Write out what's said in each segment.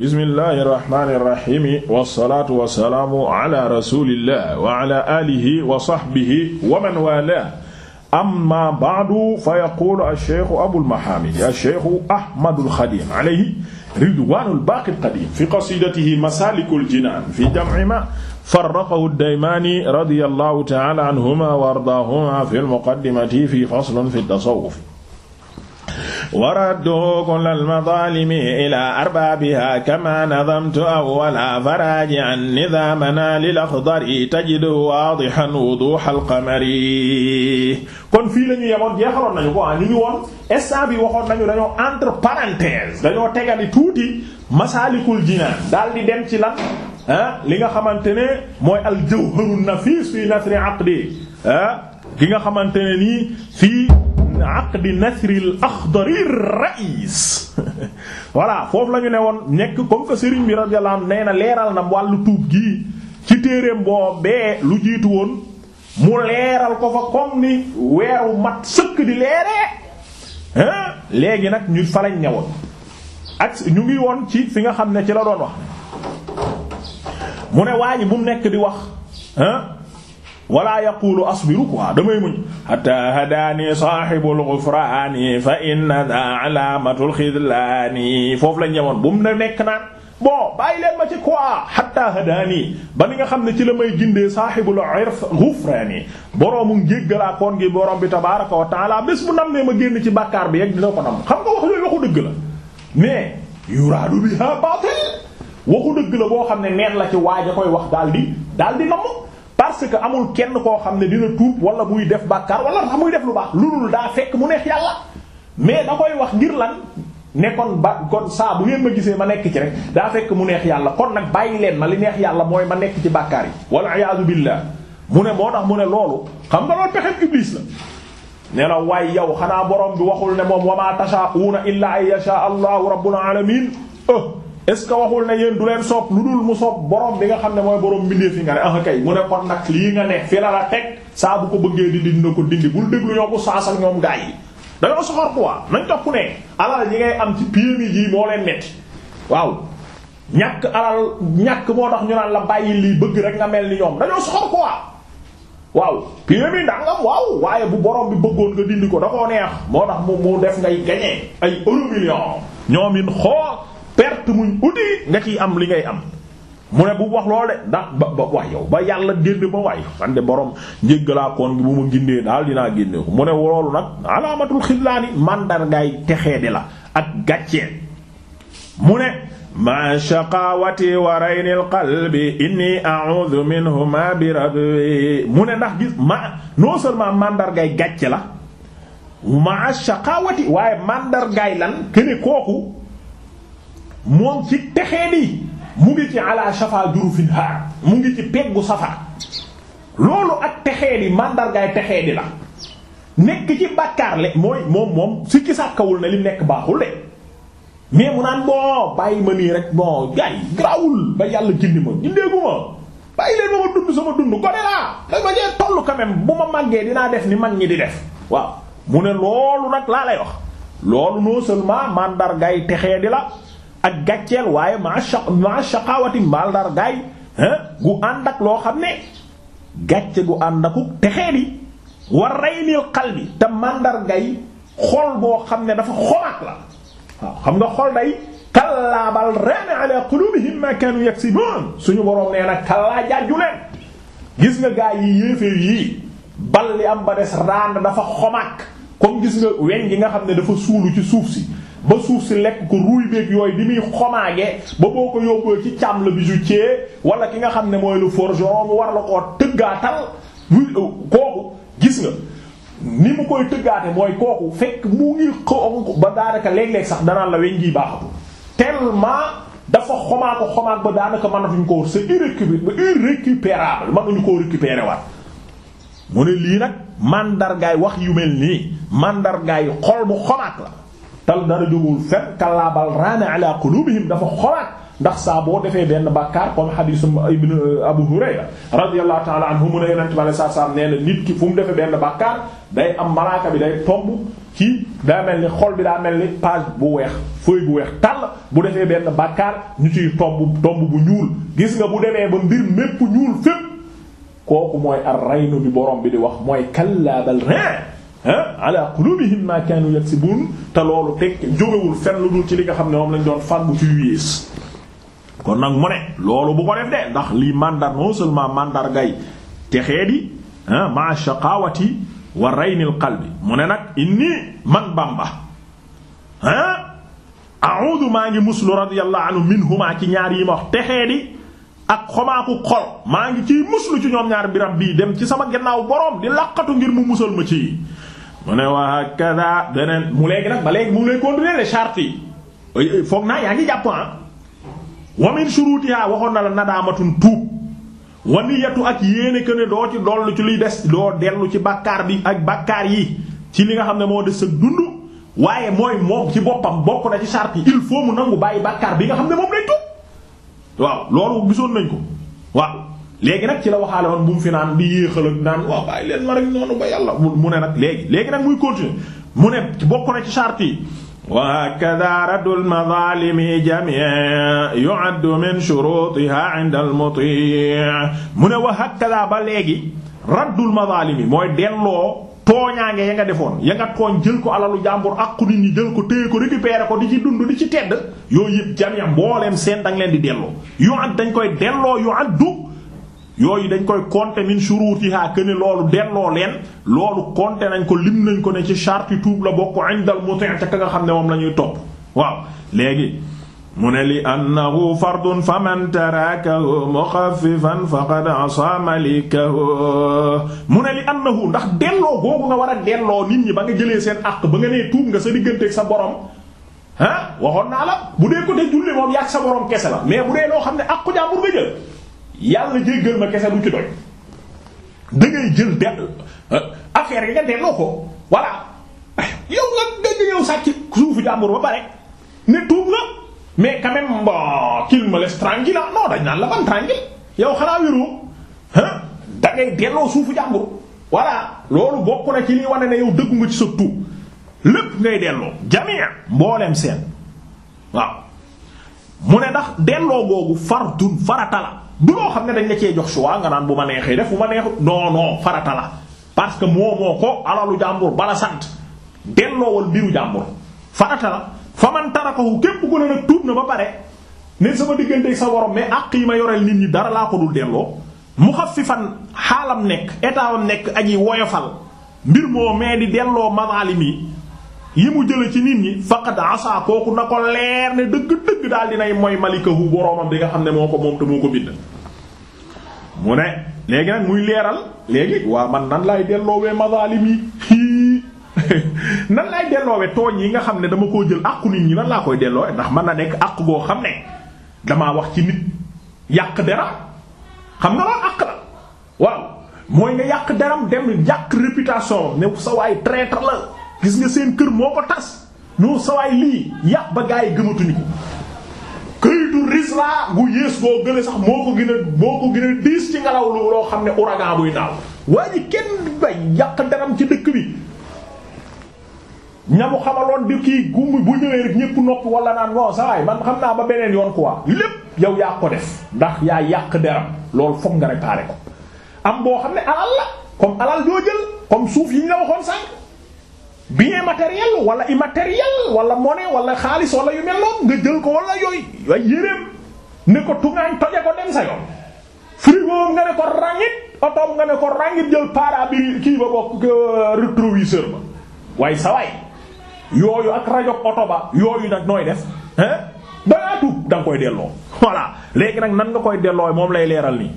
bismillahi irrahmani irrahimi wasalaatu wasalaamu ala rasulillah wa ala alihi wa sahbihi wa man wala amma baadu fa yaquulu alcheikhu abulmahamidi alcheikhu ahmadulxadim alayhi ridwanulbaaqi alqadim fi qasidatihi masalikul jinan fi jamci ma farraqahu ddaymani radiyallahu ta'ala anhuma wa ardaahuma fi almuqaddimati fi faslin fi tasawwuf waraddu kullal mazaalimi ilaa arbaabihaa kamaa nadamtu awwala faraaji'an nizaamanaa lil axdari tajidu waadihan wuduuhal qamari kon fii la ñu yemoon jeexaloon nañu ko ah ñu ngi woon instant bi waxoon nañu dañoo entre parenthèses dañoo tegali tuuti masaalikul jinaan daal di dem ci lan ah li nga xamante ne mooy al jawharun nafiis fii nasri aqdi ah ki nga xamante ne nii fii. min aqdi nasril voilà foofu lañu ne woon nekk comme que Serigne bi radiyallahu anhu nee na leeral na wàllu tuub gii ci téereem boobee lu jiitu woon mu leeral ko fa comme ni weeru mat sëkk di leeree léegi nag ñu fa ne woon ak ñu ngi woon ci fi nga xam ne ci la doon wax mu ne waa bu nekk di wax wala yaqulu asbiru quoi damay muñ hatta hadaani saahibul ghufraani fa inna da alaamatul xidlaani foofu lañ yemoon bu mu na nekk naan bon bàyyi leen ma ci quoi hatta hadaani ba ni nga xam ne ci la may gindee saahibul irf ghufraani boroomu njéggalaa koon gi borom bi tabaaraka wa taala bés bu nam ne ma génn ci bàkkaar bi yegg dina ko nam xam nga wax yooyu waxu dëgg la mais yuraadu biha baatil waxu dëgg la boo xam ne neen la ci waaja koy wax daal di daal di namm parce que amul kenn koo xam ne dina tuub wala muy def bàkkaar wala sax muy def lu baax lu dul daa fekk mu neex yàlla mais da koy wax ngir lan ne kon ba kon saabu bu ngeen ma gisee ma nekk ci rek daa fekk mu neex yàlla kon nag bàyyi leen ma li neex yàlla mooy ma nekk ci bàkkaar yi wala iyaazu billah mu ne moo tax mu ne loolu xam nga loolu pexem iblis la ne waaye yow xanaa borom bi waxul ne moom wa ma tashaa'una illa an yasha allahu rabbul alamin est-ce que waxul ne yéen du leen soob lu dul mu soob borom bi nga xam ne mooy borom mbindee nga ne ah kay mu ne kon nag lii nga ne fi ko bëggee dindi ko dindi bul déglu ñoo ko saasal ñoom gaay yi. dañoo soxor quoi ne am ci moo leen metti waaw ñàkk alal tax la bàyyi lii bëgg rek nga mel ni ñoom dañoo bu borom bi bëggoon nga dindi ko da neex moo tax mu def ngay gagner ay euro million ñoom perte muñ uti nga ciy am li ngay am mu ne bu wax loole ndax ba ba wax yow ba yàlla génn ma waay man de borom njéggalaakoon gi bu ma gindee daal dinaa génne ko mu ne loolu nag alaamatul xillaani màndargaay texee di la ak gàccee mu ne ma shaqawati wa raynil qalbi inni a'udhu minhuma bi rabbi mu ne ndax gis ma non seulement màndargaay gàcce la ma shaqawati waaye màndargaay lan kene kooku moom ci texee di mu ngi ci ala shafa jurufin haar mu ngi ci peggu safar loolu ak texee di màndargaay texee di la nekk ci bàkkaar mooy moom moom si ki sàkkawul ne li nekk baaxul de mais mu naan bon bàyyi ma nii rek bon gars yi ba yàlla gindi ma gindeegu ma bàyyi leen ma ma dund sama dund gone laa da ma jee toll quand bu ma màggee dinaa def ni mag ñi di def waaw mu ne loolu nag laa lay wax loolu non seulement mandargay texee di la ak gàcceel waaye maa shaq maa shaqawati mbaal dar gaay gu ànd ak loo xam ne gàcce gu ànd aku texee di war raynil qalbi te màndargay xol boo xam ne dafa xomaat la waaw xam nga xol day kallaa bal raana ala qulubihim ma kanu yaksibun suñu boroom nee na kallaa jàjju leen gis nga gaa yi yéeféer yii bal li am ba des raan dafa xomaak comme gis nga weñ gi nga xam ne dafa suulu ci suuf si ba suuf si lekk ko ruuy beeg yooyu di muy xomaage ba boo ko yóbboo ci càmm la bi bijoutier wala ki nga xam ne mooy le forgeron mu war la koo tëggaatal euh, kooku gis nga ni mu koy tëggaate mooy kooku fekk mu ngi xonq ba daanaka léeg-léeg sax danaa la weñ ngi baaxatu ma dafa xomaa ko xomaag ba daanaka mënatuñ ko c'est irrécupérable mënuñu koo récupérer waat mu ne lii nag mandargaay wax yu mel nii mandargaay xol bu xomaag la tal dara jógul fen kallaa bal raana ala qulubihim dafa xolaat ndax saa boo defee benn bàkkaar comme xadisu ibn euh, Abu Hurayra radiyallahu ta'ala anhu mu ne yonent bi alei satu na nit ki fu mu defee benn bàkkaar am malaaka bi day tomb kii daa mel ni xol bi daa mel ni page bu weex feuille bu weex tàll bu defee benn bàkkaar ñu ci tomb tomb bu ñuul gis nga bu demee ba mbir mépp ñuul fépp kooku mooy ar raynu bi borom bi di wax mooy kallaa bal ala qulubihim ma kanu yaksibun te loolu tekk jógewul fenn lu dul ci li nga xam ne moom lañ doon fàggu ci yu yées kon nag mu ne loolu bu ko def de ndax lii mandar non seulement mandar gay texee di ma shaqawati wa raynil qalbi mu ne nag inni man bàmba ah a'udhu maa ngi muslu radiyallahu anhu minhuma ci ñaar yi ma wax texee di ak xomaaku xol maa ngi ciy muslu ci ñoom ñaar biram bii dem ci sama gannaaw boroom di laqatu ngir mu musal ma ci mu ne wa hakada beneen mu léegi nag ba léegi mu ngi lay continuer les chartes yi foog naa yaa ngi jàpp ah wa min shurutiha waxoon na la nadaamatun tuub wa niyatu ak yéene que ne doo ci dollu ci luy des doo dellu ci bàkkaar bi ak bakkaar yi ci li nga xam ne moo des sa dund waaye mooy moom ci boppam bokk na ci charte yi il faut mu nangu bàyyi bàkkaar bi nga xam ne moom lañ tuub waaw loolu gisoon nañ ko waaw léegi nag ci la waxaale woon bu mu fi naan di yéexal ak naan waaw bàyyi leen ma rek noonu ba yàlla mu ne nag léegi léegi nag muy continuer mu ne bokk na ci charte yi wa hakada raddu almadalimi jamia yuaddu min shurutiha inda almuti mu ne wa hakada ba léegi raddul mazalimi mooy delloo tooñaange ya nga defoon ya nga tooñ jël ko alalu jàmbur ak ku nit ñi jël ko téye ko récupérer ko di ci dund di ci tedd yooyu yëpp jamia mbooleem seen dang leen di delloo yu at dañ koy delloo yu addu yooyu dañ koy compter min shurutiha que ne loolu delloo leen loolu compter nañ ko lim nañ ko ne ci charte tuub la bokk indal muti' te ka nga xam ne moom la ñuy topp waaw léegi mu ne li annahu fardun fa man tarakahu mukhaffifan faqad asa malikahu mu ne li annahu ndax delloo googu nga war a delloo nit ñi ba nga jëlee seen àq ba nga nee tuub nga sa digganteeg sa borom ah waxoon naa la bu dee ko te julli moom yàgg sa borom kese la mais bu dee loo xam ne àqu jàmbur nga jël yàlla jéggal ma kese bu ci jël de euh, affaire yi nga delloo ko voilà yow nga dégg sàcc suufu jàmbur ba pare ne tuub na mais quand même bon qu'il ah, dañ naan la ban tranquille yow xanaa wéroo ah da delloo suufu jàmbur voilà loolu bokk na ci liy wane ne yow dëggu nga ci sa tuub lépp ngay delloo jamia mboolem seen waaw mu ne ndax delloo googu fardun farata la du loo xam ne dañ la cee jox choix nga naan bu ma neexee def bu ma neexut non non farata la parce que moo ko alalu jàmbur bala sant delloowal mbiru jàmbur farata la fa man tarakahu képp ko ne nag tuub na ba pare ne sama digganteeg sa borom mais àq yi ma yoreel nit ñi dara laa ko dul delloo muxaffifan xaalam nekk état am nekk aji woyofal mbir moo mais di delloo mazaalim yi yi mu jële ci nit ñi faqad asa kooku na ko leer ne dëgg-dëgg daal dinay mooy malikahu boroomam bi nga xam ne moo ko moom te ko bind mu ne léegi nag muy leeral léegi waa man nan laay delloowee mazalim yi nan lay delloowee tooñ yi nga xam ne dama koo jël àqu nit ñi nan laa koy delloowee ndax man na nekk àqu boo xam ne dama wax ci nit yàq dara xam nga loolu àq la waaw mooy nga yàq daram dem yàq réputation ne sa waay la gis nga seen kër moo ko tas ñoo sawaay lii yàq ba gaa yi gëmatuñu ko këyitu risla gu yées boo sax moo ko gën a moo ko gën a diis ci ngelaw lu loo xam ne ouragan buy naaw waaye ji kenn bay yàq daram ci dëkk bi ñamu xamaloon di kii gumb bu ñëwee rek ñépp noppi wala naan non sawaay man xam naa ba beneen yoon quoi lépp yow yaa ko def ndax yaa yàq deram loolu foog nga réparer ko am boo xam ne alal la comme alal joo jël comme suuf yi ñu la waxoon bien matériel wala immatériel wala monnaie wala xaalis wala yu mel nga jël ko wala yooyu ay yéreem ne ko tungaañ toje ko dem sa yoon frigo nga ne ko nga ne ko ràngit jël para bi kii ba bokk euh, waaye sa waay yooyu ak rajo oto ba yooyu nag nooy def hein dangaa danga koy delloo voilà léegi nag nan nga koy delloo moom lay leeral nii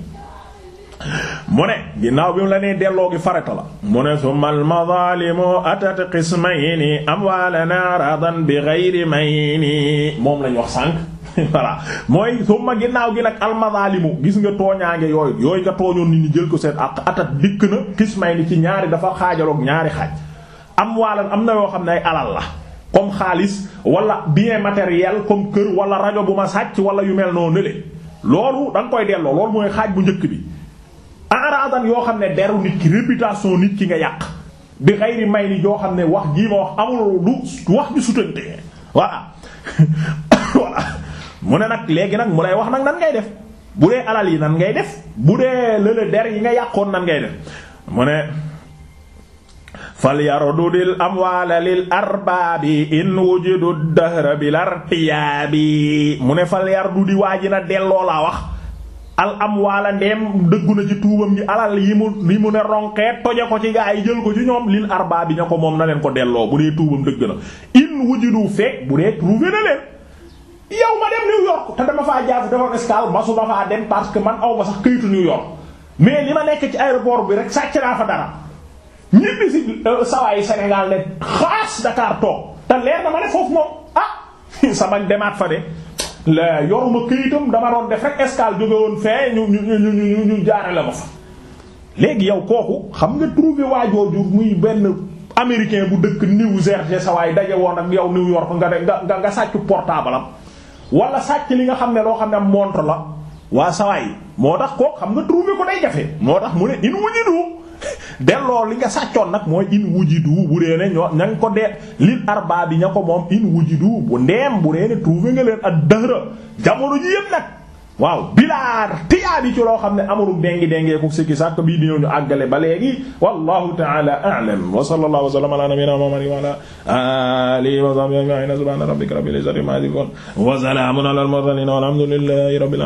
mu ne ginnaaw bi mu la nee delloo gi farata la mu ne summa almadalimu atat qismayni amwaalana aradan bi ghayri mayni moom lañu wax sànq voilà mooy summa ginnaaw gi nag almadalimu gis nga tooñaange yooyu yooyu nga tooñoon nit ñi jël ko seen ak atat dikk na qismayni ci ñaari dafa xaajaloog ñaari xaaj amwaalan am na yoo xam ne ay alal la comme xaalis wala bien matériel comme kër wala rajo bu ma sàcc wala yu mel noo le loolu da koy delloo xaaj bu njëkk bi aradan yoo xam ne deru nit ki réputation nit ki nga yàq bi xayri may ni yoo xam ne wax jii ma wax amul du wax ju sutante voilà mu ne nag léegi nag mu lay wax nag nan ngay def bu dee alal yi nan ngay def bu dee lële der yi nga yàqoon nan ngay def mu ne fal yarudu dil amwaala lil arbaabi in wujudu dahra bil artiyaabi mu ne fal yarudu di waa ji na delloo laa wax al am waala ndeem dëggu na ci tuubam ni alal yi mu yi mu ne ronqee toje ko ci gaa yi jël ko ci ñoom lil arbaa bi ña ko moom na leen ko delloo bu dee tuubam dëgg na in wujudu fekk bu dee trouvé na leen yow ma dem New York te dama faa jaafu dafa escale masuma faa dem parce que man aw ma sax këyitu New York mais li ma nekk ci aéroport bi rek sàcc naa fa dara ñibbi si euh, sawaayu Sénégal ne xaas Dakar toog te leer na ma ne foofu moom ah sama demaat fa la yoruma këyitam dama doon def rek escale jóge woon fee ñu ñu ñu ñu ñu jaare la ma fa léegi yow kooku xam nga trouver waajooju muy benn américain bu dëkk New Jersey sa waay daje woon ak yow New York nga nga nga sàcc portaabalam am wala sàcc li nga xam ne loo xam ne montre la waa sawaay moo tax kooku xam nga trouver ko day jafe moo tax mu ne in wuñu delloo li nga sàccoon nag mooy in wujidu bu dee ne ñoo ña nga ko dee lil arbaa bi ña ko moom in wujidu bu ndeem bu dee ne nga leen ak dëhra jamono ji yëpp nag waaw bilaa tiyaabi ci loo xam ne amul dengi dengeeku sikki sàkk bii di ñëw ñu àggale ba léegi wallahu ta'ala a'lam wa sallallahu wa sallama ala nabiyyina muhammadin wa ala alihi wa sahbihi ajma'in subhana rabbika rabbil